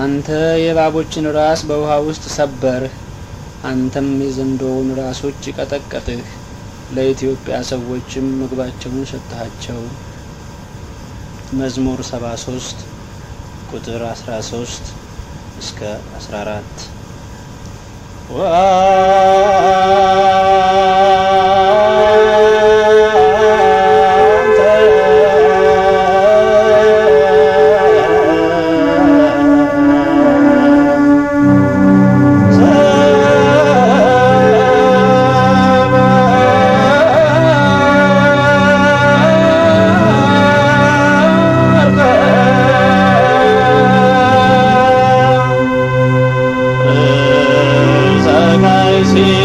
አንተ የእባቦችን ራስ በውሃ ውስጥ ሰበርህ፣ አንተም የዘንዶውን ራሶች ቀጠቀጥህ። ለኢትዮጵያ ሰዎችም ምግባቸውን ሰጥሃቸው። መዝሙር 73 ቁጥር 13 እስከ 14 você.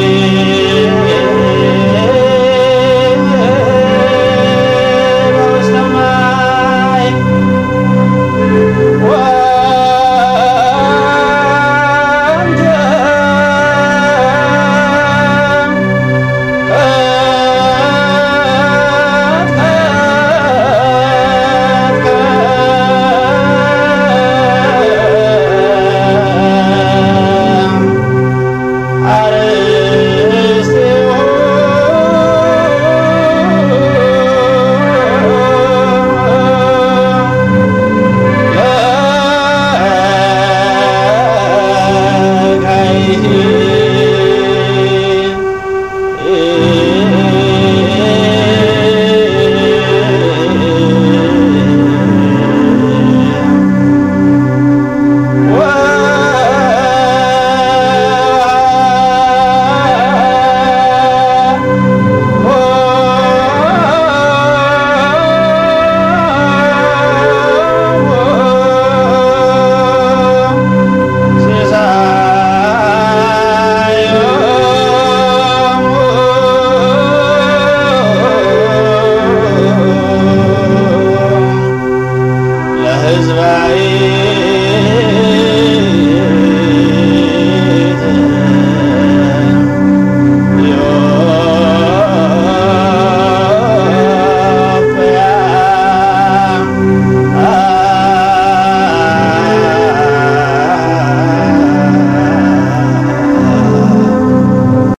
Israel.